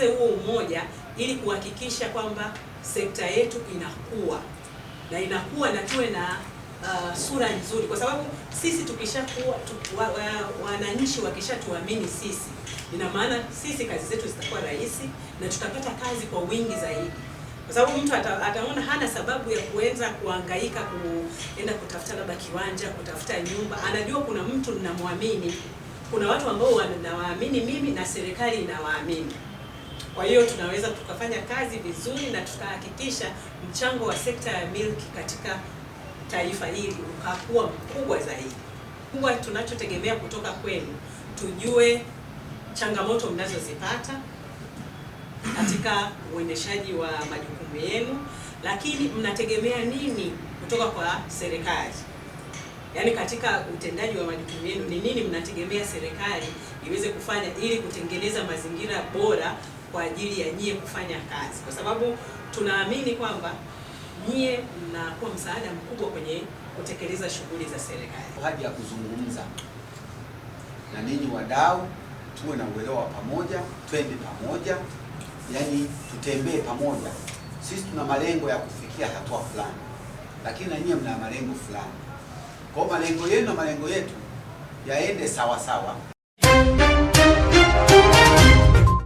tuongeze huo umoja ili kuhakikisha kwamba sekta yetu inakuwa na inakuwa na tuwe na uh, sura nzuri, kwa sababu sisi tukishakuwa tu, wa, wa, wakishatuamini sisi, ina maana sisi kazi zetu zitakuwa rahisi na tutapata kazi kwa wingi zaidi, kwa sababu mtu ata, ataona hana sababu ya kuenza kuangaika kuenda kutafuta labda kiwanja, kutafuta nyumba. Anajua kuna mtu ninamwamini, kuna watu ambao wanawaamini mimi na serikali inawaamini. Kwa hiyo tunaweza tukafanya kazi vizuri na tukahakikisha mchango wa sekta ya milki katika taifa hili ukakuwa mkubwa zaidi. kuwa tunachotegemea kutoka kwenu, tujue changamoto mnazozipata katika uendeshaji wa majukumu yenu, lakini mnategemea nini kutoka kwa serikali? Yaani, katika utendaji wa majukumu yenu ni nini mnategemea serikali iweze kufanya ili kutengeneza mazingira bora kwa ajili ya nyie kufanya kazi, kwa sababu tunaamini kwamba nyie mnakuwa msaada mkubwa kwenye kutekeleza shughuli za serikali. Haja ya kuzungumza na ninyi wadau, tuwe na uelewa pamoja, twende pamoja, yani tutembee pamoja. Sisi tuna malengo ya kufikia hatua fulani, lakini na nyie mna malengo fulani, kwa malengo yenu na malengo yetu yaende sawa sawa.